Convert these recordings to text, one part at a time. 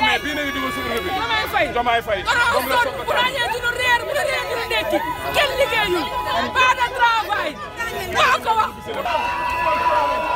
mais bii nañu dugg suñu rëbbi. damay fay damay fay. comme la soxla saa yi bu reer bu reer ñu nekki kenn liggéeyul. pas de travail. maa ko wax.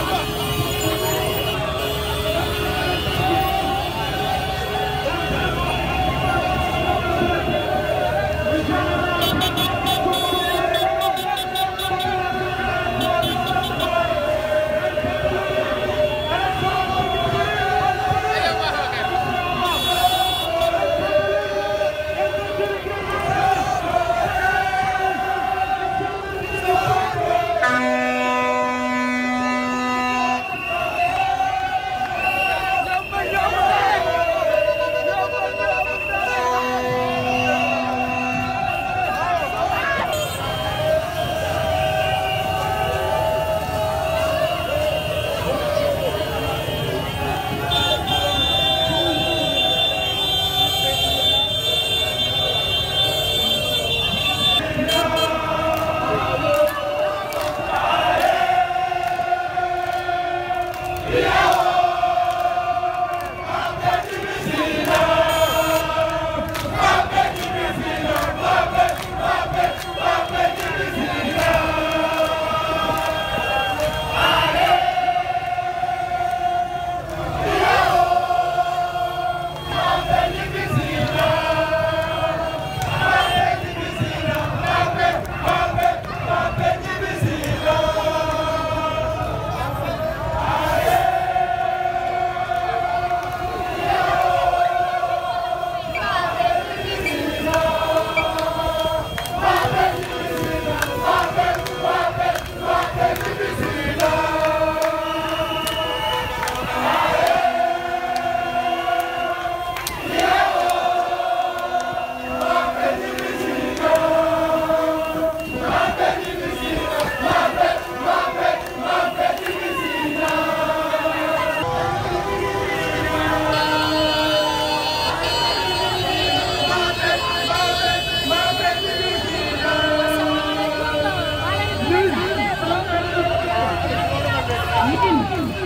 Come on.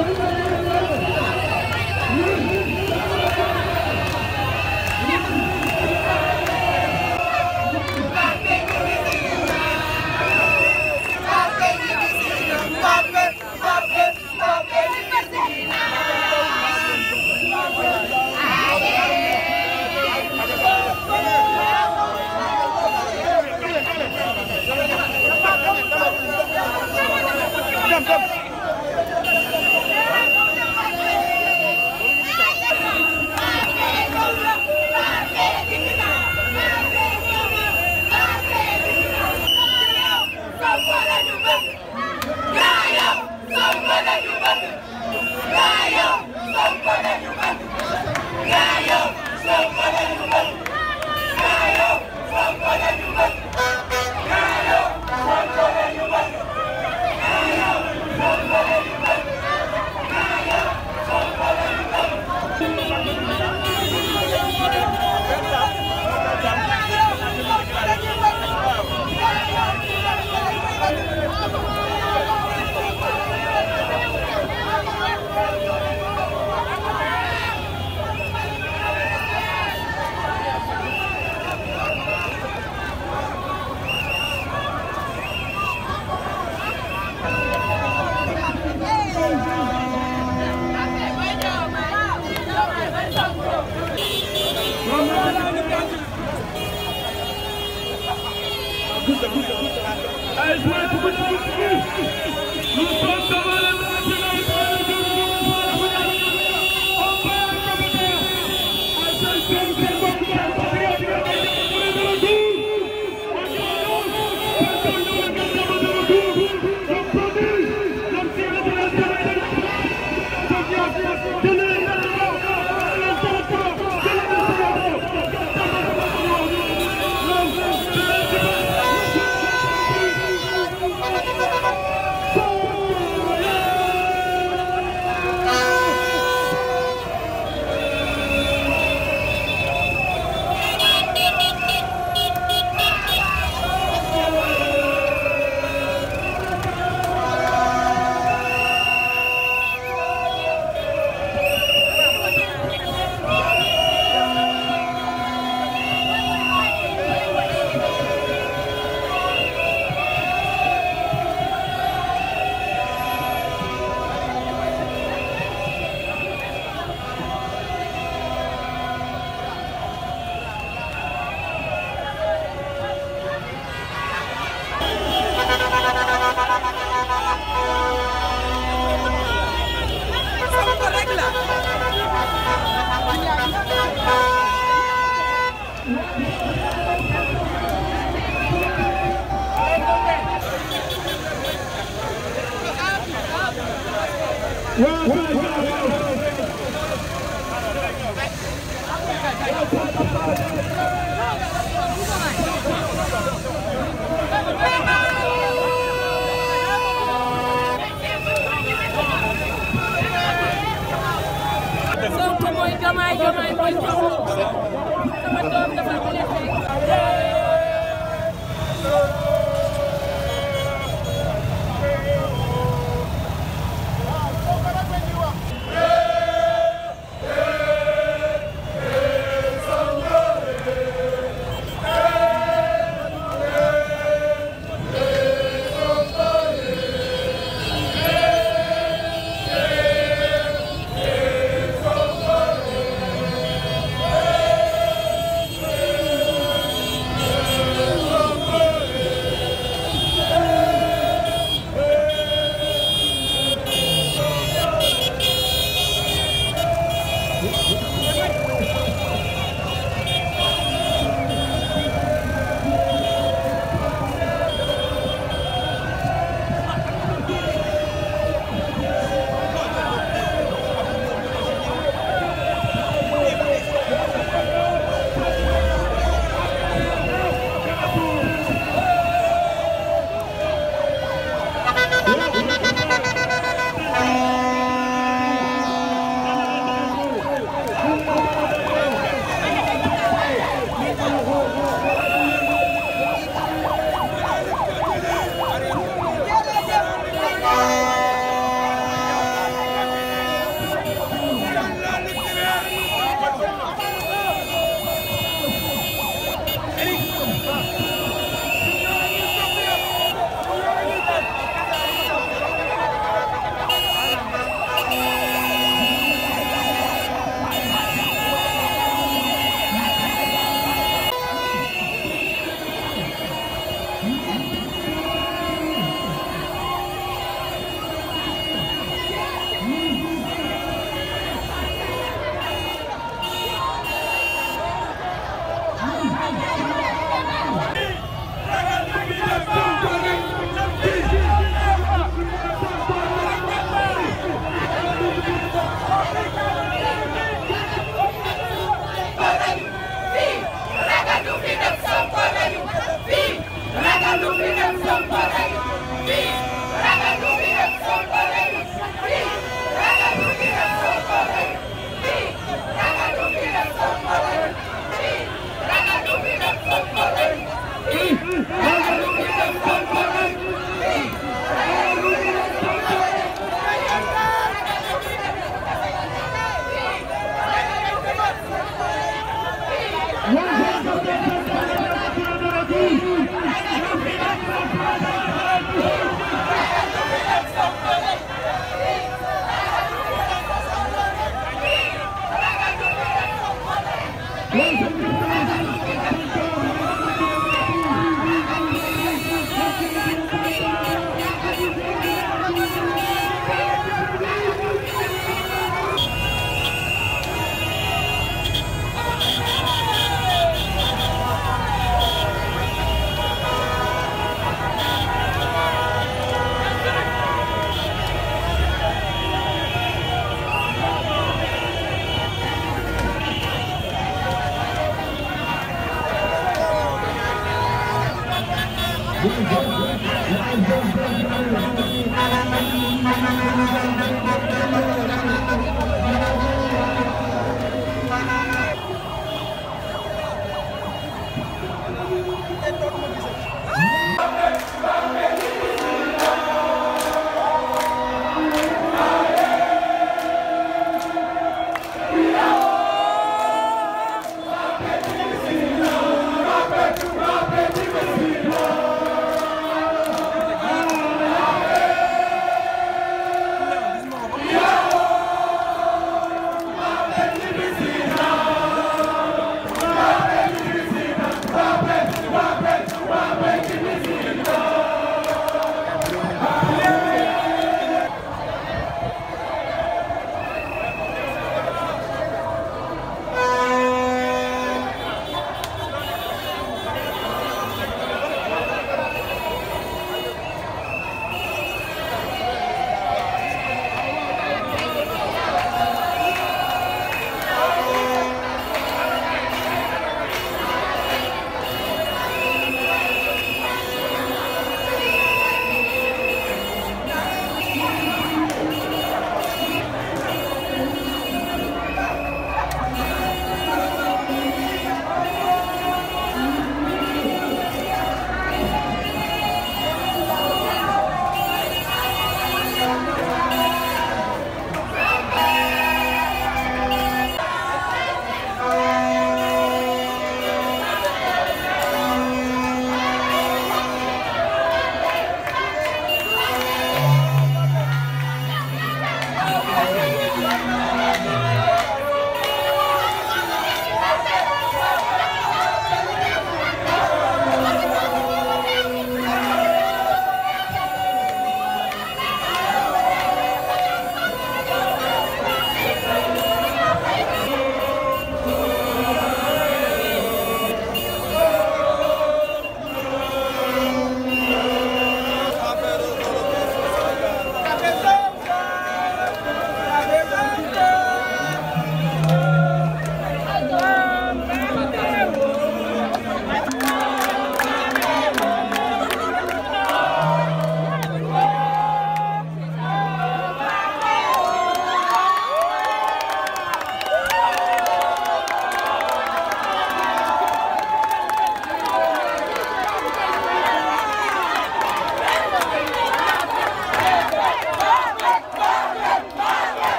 Thank you.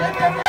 jërëjëf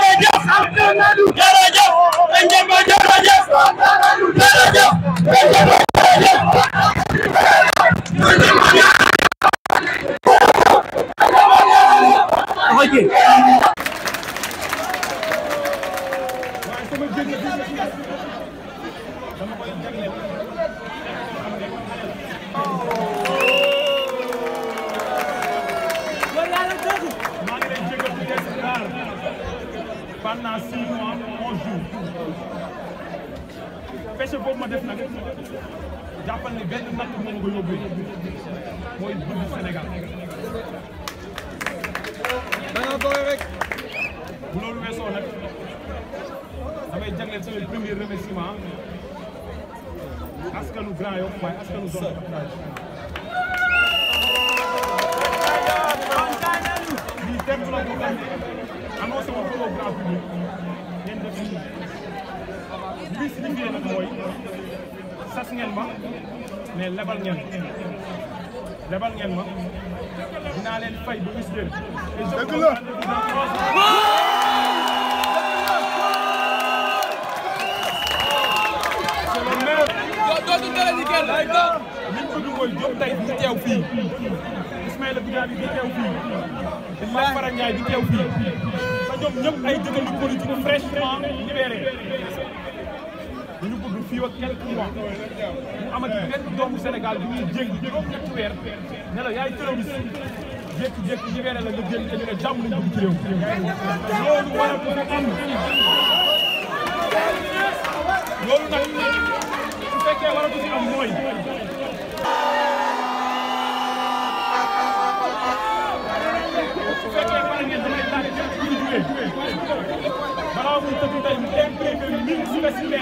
askanu zone lii teg la ko xam ne annoncé woon ko grand public ngeen def lii si liggéey nag mooy sas ngeen ma mais lebal ngeen lebal ngeen ma dinaa leen fay ba bis dëgg la kenn liñ bëgg mooy Diop tay di teew fii Ismaïla Goudiaby di teew fii Mame Fara Ndiaye di tew fi te ñoom ñëpp ay jëkkëri politique fraîchement libéré ñu bëgg fi wa quelques mois mu amati ben doomu Sénégal bu ñuy jéng juróom ñetti wër ne la yaay terroriste jékki-jékki libéré la nga té te ñu ne jàmm lañ bëgg ci réew loolu war a am loolu nag ver que é hora dos irmãos. Você quer para mim, não é tarde, já te digo. Para algum tempo, é tem tempo, tem mil, se vai se bem.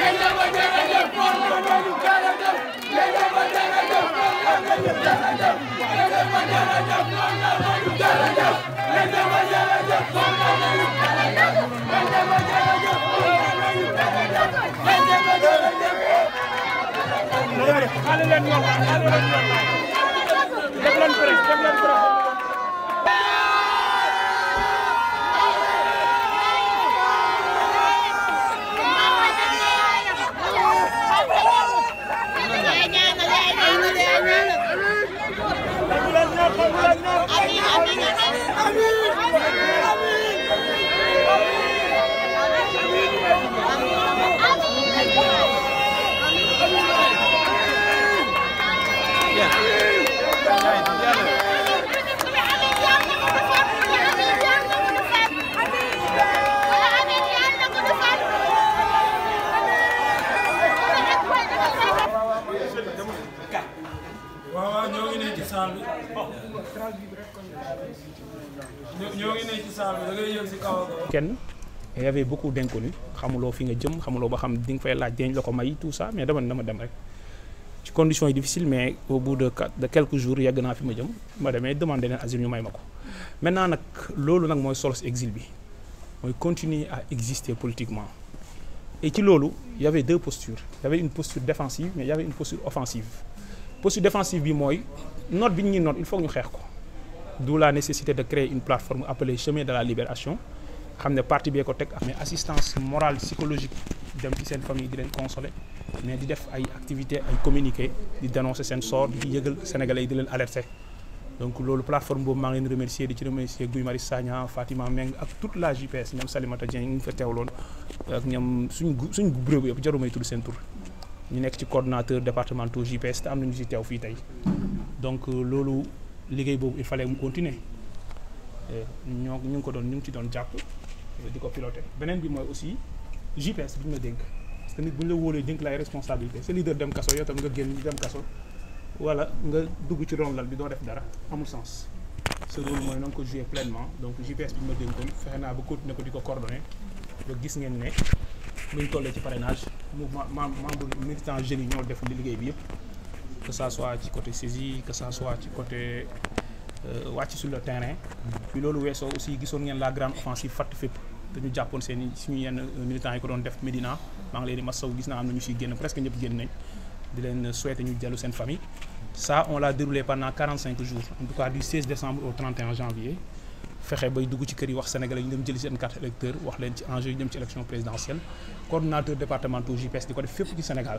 Def leen presse def leen presse Ken, ngi ci bi y avait beaucoup d'inconnus Xamulo fi nga jëm xamulo ba xam ding fay laaj deñ la may tout ça mais dama ne dama dem rek ci conditions yi difficile mais au bout de de quelques jours yegg naa fi ma jëm ma demee demandé leen asile ñu may ma maintenant nak lolu nak moy solos exil bi Moy continuer à exister politiquement et ci il y avait deux postures y avait une posture défensive mais y avait une posture offensive posture défensive bi moy note bi ñi note il faut ñu xex ko d'où la nécessité de créer une plateforme appelée Chemin de la Libération xam parti bien ko mais assistance morale psychologique dem ci seen famille di leen consoler mais di def ay activité ay communiquer, di dénoncer seen sort di yëgal sénégalais de di alerter donc la plateforme boobu maa ngi remercier di remercier Guy Marius Sagna Fatima Meng ak toute la JPS ñoom Salimata Dieng ñu ngi fa teewloon ak ñoom suñ suñ bureau yëpp jarumay tudd seen tur ñu nekk ci départementaux JPS te am nañu si teew donc loolu liggéey bobu il fallait mu continuer ñoo ñu ngi ko doon ñu ci doon japp euh, diko piloter benen bi moy aussi GPS bi ma la parce que nit buñ la wolé dénk la responsabilité c'est leader dem kasso yow tam nga génn dem kasso wala nga dugg ci lal bi do def dara amul sens ce rôle moy noonu ko joué pleinement donc GPS bu ñu ma dénkoon fexe naa ba continuer ko diko coordonner coordonné ba gis ngeen ne luñ tollé ci parrainage mouvement membre militant jeunes yi ñoo def li liggéey bi yépp que ça soit du côté saisie que ça soit du côté euh, wàcc sur le terrain. puis loolu weesoo aussi gisoon ngeen la grande offensive fatt fépp. dañu Japon seen i suñu yenn militants yi ko doon def Médina maa ngi leen di masaw ñu presque ñëpp génn nañ di leen souhaité ñu jàllu famille. ça on l'a déroulé pendant 45 jours en tout cas du 16 décembre au 31 janvier. Fexé bay dugg ci kër yi wax sénégalais ñu dem jëli seen carte électeur wax leen ci enjeu yi dem ci élection présidentielle coordonnateur départemental JPS di ko def fépp ci Sénégal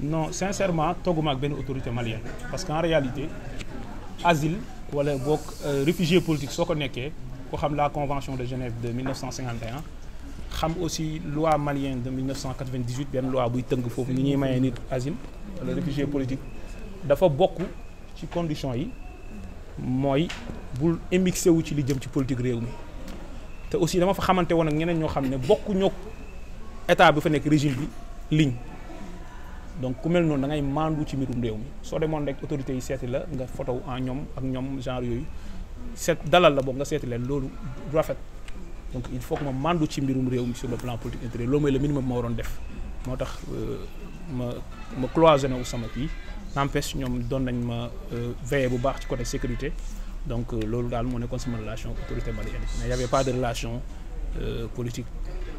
non sincèrement suis pas une autorité malienne parce qu'en réalité asile les euh, réfugiés réfugié politique qu'on ko ko la convention de Genève de 1951 xam aussi loi malienne de 1998 la loi qui a été ni pour les réfugiés politiques. Il y a beaucoup de conditions qui mooy bul émixé wu ci li politique Et aussi dama fa qui ont ak ñeneen beaucoup xam état bi régime donc ku nous, nous da ngay maandu ci mbirum réew mi soo rek autorités yi seeti la nga photo en ñom ak ñom genre yoyu seet dalal la boog nga seeti len lolu du rafet donc il faut que ma maandu ci mbirum réew mi sur le plan politique intérieur loolu mooy le minimum ma waron def motax euh, ma ma cloisonné wu sama kii n'empêche ñom don nañ ma euh, veiller bu baax ci côté sécurité donc euh, lolu dal mo nekkoon sama relation autorité malienne mais y avait pas de relation politique.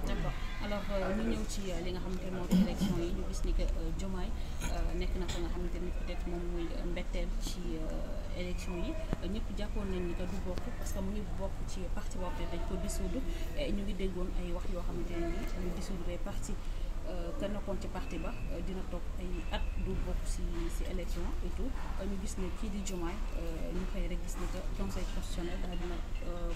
D'accord alors euh, ñu ñëw ci euh, li nga xamante moo di élection yi ñu gis ni que euh, Diomaye nekk na ko nga xamante ni peut-être moom muy mbetteel ci élection yi ñëpp jàppoon nañ ni que du bokk parce que mu ngi bokk ci parti boo xam ne dañ ko dissoudre ñu ngi déggoon ay wax yoo xamante ne ni ñu dissoudre parti ka nekkoon ci parti ba dina toog ay at du bokk si si élection et tout ñu gis ne kii di Diomaye ñu xëy rek gis ne que conseil constitutionnel daal dina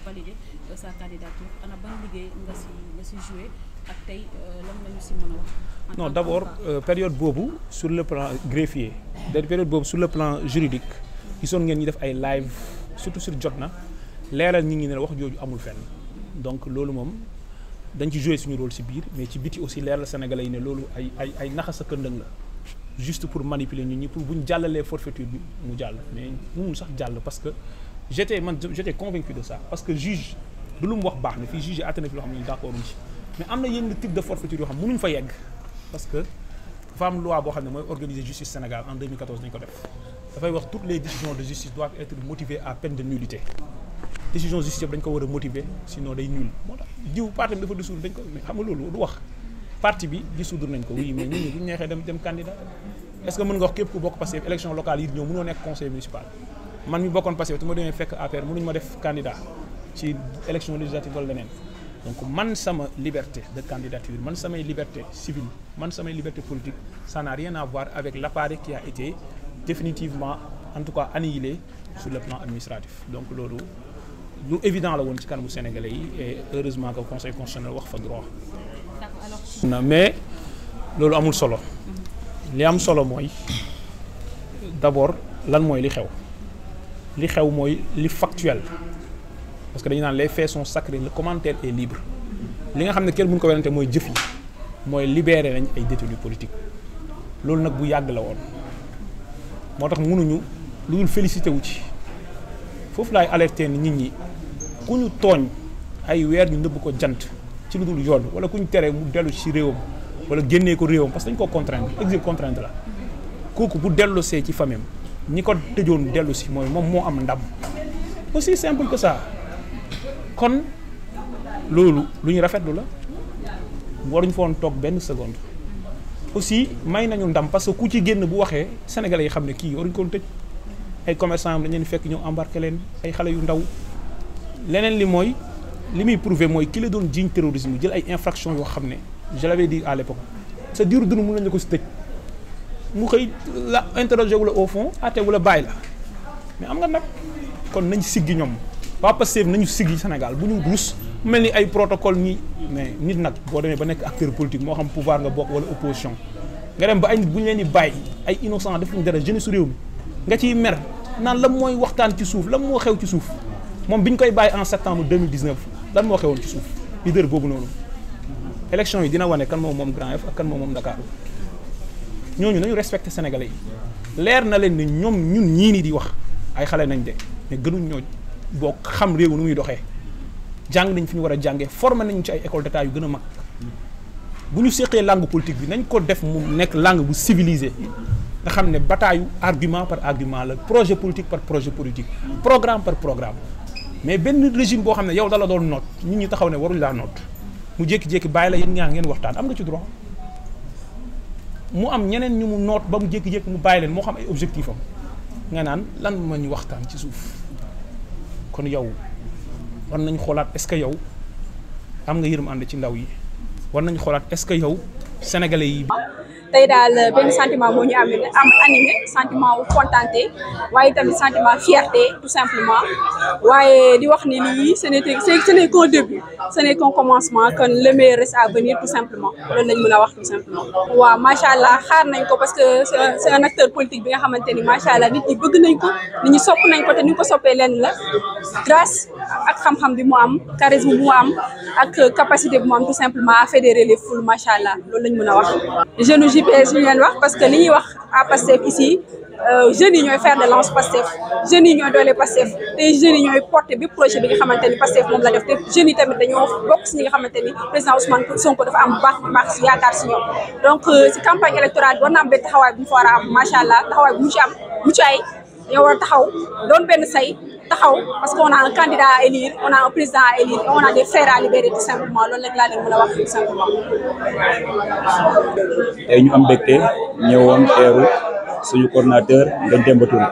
valider sa candidature ana ban liggéey nga si nga si joué ak tey euh, lan la ñu wax. non d'abord euh, période boobu sur le plan greffier da période boobu sur le plan juridique gisoon ngeen ñu def ay live surtout sur Jotna leeral nit ñi ne wax jooju amul fenn donc loolu moom dañ ci jouer suñu rôle si biir mais ci biti aussi leeral Sénégalais yi ne loolu ay ay ay naxas a këndëng juste pour manipuler nit ñi pour buñ jàllalee forfaiture bi mu jàll mais mënul sax jàll parce que j'étais étais man j' convaincu de ça parce que juge du lu mu wax baax na fii juge àtte na fi loo xam ne d'accord ci mais am na yenn type de forfaiture yoo xam mënuñ fa yegg parce que dafa am loi boo xam ne mooy organiser justice Sénégal en 2014 dañ ko def dafay wax toutes les décisions de justice doivent être motivées à peine de nullité décision justice dañ ko war a motiver sinon day nul moo tax jiw parti bi dafa dissoudre dañ ko mais xam nga loolu du wax parti bi dissoudre nañ ko oui mais ñun ñi bu dem dem candidat est-ce que mën nga wax képp ku bokk passé élection locale yi ñëw mënoo nekk conseil municipal man mi bokkoon passé tu ma demee fekk APR mënuñ ma def candidat ci élection législative wala leneen donc man sama liberté de candidature man liberté civile man liberté politique ça n'a rien à voir avec l'appareil qui a été définitivement en tout cas annihilé sur le plan administratif donc évidemment, nous évident la sénégalais et heureusement que conseil constitutionnel a fa droit mais loolu amul solo li am solo d'abord lan moy li xew li xew moy li factuel parce que dañu naan les faits sont sacrés le commentaire est libre li nga xam ne kenn mënu ko werante mooy jëf yi mooy nañ ay détenus politiques loolu nag bu yàgg la woon moo tax mënuñu lu dul félicité wu ci foofu laay alerté ni nit ñi ay wér ñu neub ko jant ci lu dul yoon wala kuñu téré mu dellu ci réewum wala génné ko réewum parce dañ ko contraindre exil contrainte la kooku bu dellu see ci famem ñi ko tëjoon dellu si mooy moom moo am ndam aussi simple que ça kon lolu luñu ñu rafetlu la waruñu foon toog benn seconde aussi may nañu ndam parce que ku ci génn bu waxé sénégalais yi xam ne kii waruñu koon ay commerçants am dañ leen fekk ñëw embarquer leen ay xalé yu ndaw leneen li moy li muy prouvé mooy ki la doon jiiñ terrorisme jël ay infraction yo xamné je l'avais dit à l'époque sa diiru dund mën nañu ko ci tëj mu xëy la interroger wu la au fond até wu la bay la mais am nga nak kon nañ siggi ñom waa Pastef nañu siggi Sénégal bu ñu rus mel ni ay protocole ñi mais nit nag boo demee ba nekk acteur politique moo xam pouvoir nga bokk wala opposition nga dem ba ay nit bu ñu leen di bàyyi ay innocent def ñu dara jeunesse réew mi nga ciy mer naan la mooy waxtaan ci suuf la moo xew ci suuf moom bi ñu koy bàyyi en septembre 2019 lan moo xewoon ci suuf leader boobu noonu élection yi dina wane kan moom moom Grand Yoff ak kan moom moom Dakar ñooñu nañu respecté sénégalais leer na leen ni ñoom ñun ñii ni di wax ay xale nañ de mais gënuñ ñooñu boo xam réew nu muy doxee jàng nañ fi ñu war a jàngee formé nañ ci ay école d'état yu gën a mag bu ñu séqee langue politique bi nañ ko def mu nekk langue bu civilisée nga xam ne bataayu argument par argument la projet politique par projet politique programme par programme mais benn régime boo xam ne yow dala doon noot ñu ñu taxaw ne waruñ laa noot mu jékki-jékki bàyyi la yéen ñaa ngeen waxtaan am nga ci droit mu am ñeneen ñu mu noot ba mu jékki-jékki mu bàyyi leen moo xam ay objectif nga naan lan ma ñu waxtaan ci suuf kon yow war nañ xoolaat est-ce que yow am nga yërëm ànd ci ndaw yi war nañ xoolaat est-ce que yow sénégalais yi. tay dal ben sentiment mo ñu amee am animé sentiment wu contenté waye tamit sentiment fierté tout simplement waye di wax ni lii ce n'était ce n'est qu'un début ce n'est qu'un commencement que le meilleur reste à venir tout simplement loolu lañ mëna wax tout simplement wa machallah xaar nañ ko parce que c'est un acteur politique bi nga xamanteni ni nit ñi bëgg nañ ko nit ñi sopp nañ ko te ñu ko soppee lenn la grâce ak xam-xam bi mu am charisme bi mu am ak capacité bi mu am tout simplement à fédérer les foules machallah allah loolu lañ wax je wax PDS ñu leen wax parce que li ñuy wax à Pastef ici euh, jeunes yi ñooy fer de lance Pastef jeunes yi ñooy doole Pastef te jeunes yi ñooy porté bépp projet bi nga xamante ni Pastef moom la def te jeunes yi tamit dañoo bokk si ñi nga xamante ni président Ousmane Sonko dafa am baax baax si yaakaar si ñoom donc euh, si campagne électorale bi na am benn taxawaay bu mu fa war a am macha allah taxawaay bu mu ci am mu ci ay ñoo war a taxaw doon benn say taxaw parce que on a un élire on président élire et on a des frères simplement loolu rek laa leen mën a wax simplement. tey am mbégte ñëwoon teeru suñu coordonnateur Ngagne Demba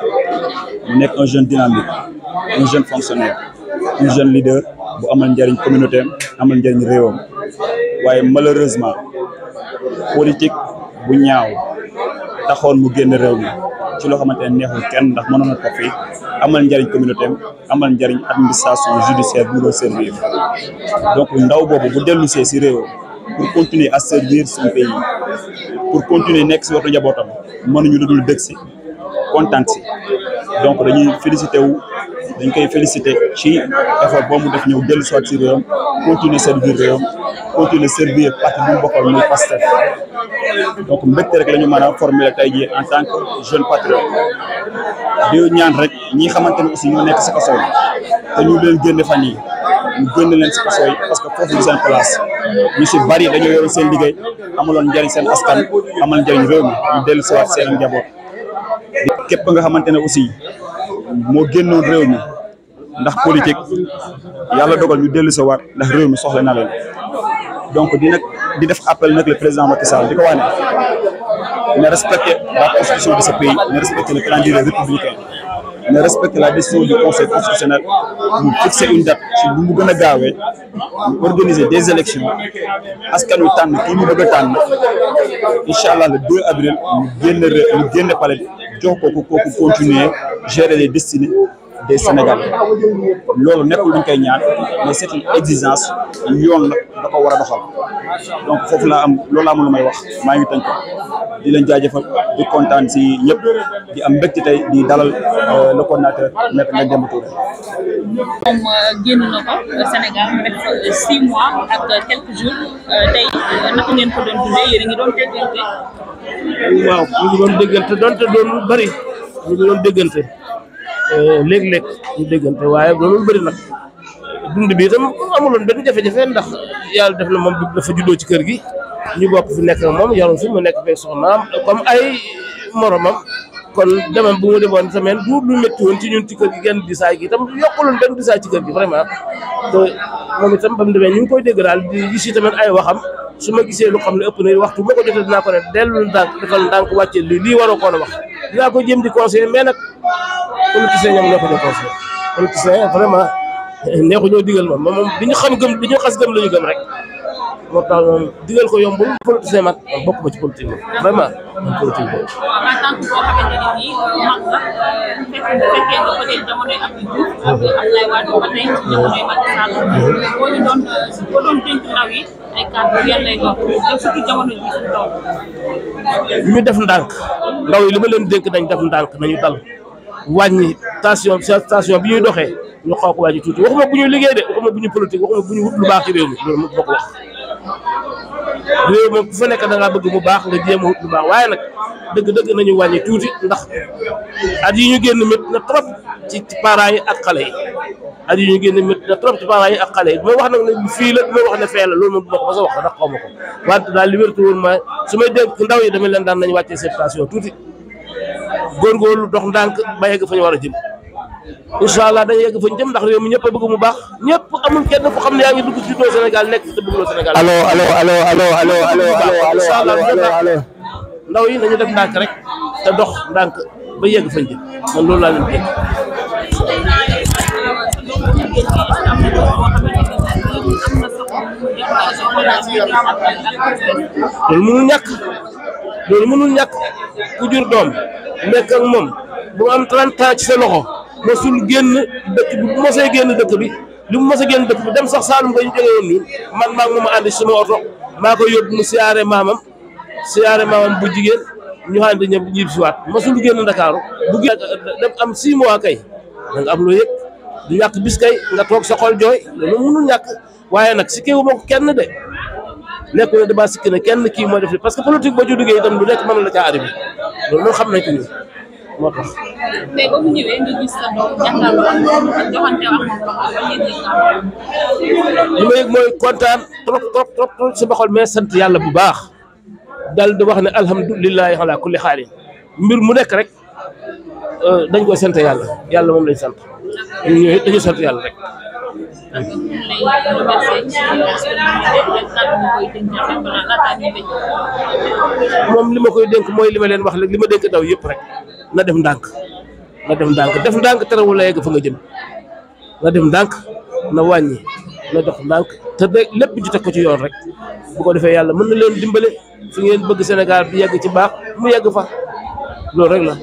mu nekk un jeune dynamique un jeune fonctionnaire un jeune leader bu amal njëriñ communauté am amal njëriñ réewam waaye malheureusement politique bu ñaaw taxoon mu génn réew mi ci loo xamante ne neexul kenn ndax mënoon na ko amal njariñ communauté amal njariñ administration judiciaire bu doon servir donc ndaw bobu bu dellu see si réew pour continuer à servir son pays pour continuer nekk si waxtu njabootam mënuñu lu dul dëkk ci kontaan donc dañuy félicité wu dañ koy féliciter ci effort boo mu def ñëw jël soit ci réewam continuer servir réewam continuer servir parti bu mu bokkal muy Pastef donc mbégte rek la ñu mën a formuler tey jii en tant que jeune patriote di ñaan rek ñi xamante ne aussi ñoo nekk si kaso yi te ñu leen génne fan yi ñu génne leen si kaso yi parce que foofu du seen place ñu si bari dañoo yoroon seen liggéey amaloon njëriñ seen askan amal njëriñ réew mi ñu dellu siwaat seen njaboot képp nga xamante ne aussi moo génnoon réew mi ndax politique yalla dogal ñu le sa waat ndax réew mi soxla na leen donc di nak di def appel nak le président Macky Sall di wane ne la constitution de ce pays ne respecter le calendrier républicain ne respectons la décision du conseil constitutionnel pour fixer une date ci lu organiser des élections askan wi tànn kii mu bëgg tan inshallah le 2 avril ñu génn ñu génn palais jox ko ko continuer gérer les destinées de Sénégalais loolu nekkul duñ koy ñaan mais c'est une exigence yoon la da ko war a doxal donc foofu laa am loolu laa am lu may wax maa ngi tënk ko di leen jaajëfal di kontaan si ñëpp di am mbégte tey di dalal euh, le coordinateur nekk nga Demba moom euh, génn na ko euh, Sénégal mu six mois ak quelques jours tey naka ngeen ko doon dundee waaw ñu ngi doon déggante donte doon lu bari ñu ngi doon déggante. Euh, léeg-léeg ñu déggante waaye loolu bëri nag dund bi itam amuloon benn jafe-jafe ndax yàlla def na moom dafa juddoo ci kër gi ñu bokk fi nekk moom yaroon fi mu nekk fee soxnaam comme ay moromam kon demam bu mu demoon semaine du lu métti woon ci ñun ci kër gi genn disaay gi itam yokkuloon benn disaay ci kër gi vraiment te moom itam ba mu demee ñu ngi koy dégg daal di gis tamit ay waxam su ma gisee lu xam ne ëpp na waxtu bu ma ko jotee dinaa ko ne dellu ndànk defal ndànk li lii ko jëm politicien ñoom ñoo ko dépassé politicien vraiment neexuñoo digal moom moom moom bi ñu xam gëm bi ñu xas gëm la ñu gëm rek moo tax moom digal ko yombul politicien man bokk ma ci politique vraiment man politique boobu. Mmh. waaw def ndànk ndaw yi li leen dénk nañ def ndànk nañu dal. wàññi tension tension bi ñuy doxee ñu xaw ko wàññi tuuti waxuma bu ñuy liggéey de waxuma bu ñu politique waxuma bu ñu wut lu baax ci réew mi loolu moo ko fa nekk da ngaa bëgg mu baax nga jéem waaye nag dëgg-dëgg nañu wàññi tuuti ndax at yi ñu génn métti na trop ci ci yi ak xale yi at yi ñu génn métti na trop ci wax nag ne fii la bu wax ne fee la loolu ma ko mos a wax ndax xaw ma ko wante daal li wértu woon ma su may dégg ndaw yi dama leen daan nañu wàccee seen tuuti. góorgóorlu dox ndànk ba yegg fa ñu war a jëm incha allah yegg fa jëm ndax réew mi ñëpp a bëgg mu baax ñëpp amul kenn ku xam ne yaa ngi dugg ci doo Sénégal nekk te bëgguloo Sénégal. ndaw yi nañu def ndànk rek te dox ndànk ba yegg fa jëm man loolu laa leen dégg. loolu loolu mënul ñàkk ku jur doom nekk ak moom bu am 30 ans ci sa génn dëkk bi bu mosee génn dëkk bi li mu mos génn dëkk bi dem sax Saalum nga ñu jógee woon man maa ngi moom a ànd ci sama oto maa koy yóbbu mu siyaare maamam siyaare maamam bu jigéen ñu ànd ñëpp ñib siwaat mosul génn Ndakaaru bu génn dem am 6 mois kay da nga am loo yëg du ñàkk bis kay nga toog sa xol jooy loolu mënul ñàkk waaye nag si kéwu ma kenn de. nekkul ne damaa kenn kii moo def parce que politique boo ci duggee itam lu nekk mën na la caa xam nañ ko ñun moo tax. mu ñëwee mooy kontaan trop trop trop si ma xool sant yàlla bu baax dal di wax ne alhamdulilahi ala kulli xaalin mbir mu nekk rek euh, dañ koy sant yàlla yàlla moom lañ sant ñun dañu sant yàlla rek. moom li ma koy dénk mooy li ma leen wax rek li ma dénk daw yëpp rek na def ndànk na def ndànk def ndànk terewul la yegg fa nga jëm na def ndànk na wàññi na dox ndànk te de lépp ju teg ko ci yoon rek bu ko defee yàlla mën na leen dimbale fi ngeen bëgg senegal bi yegg ci baax mu yegg fa loolu rek la.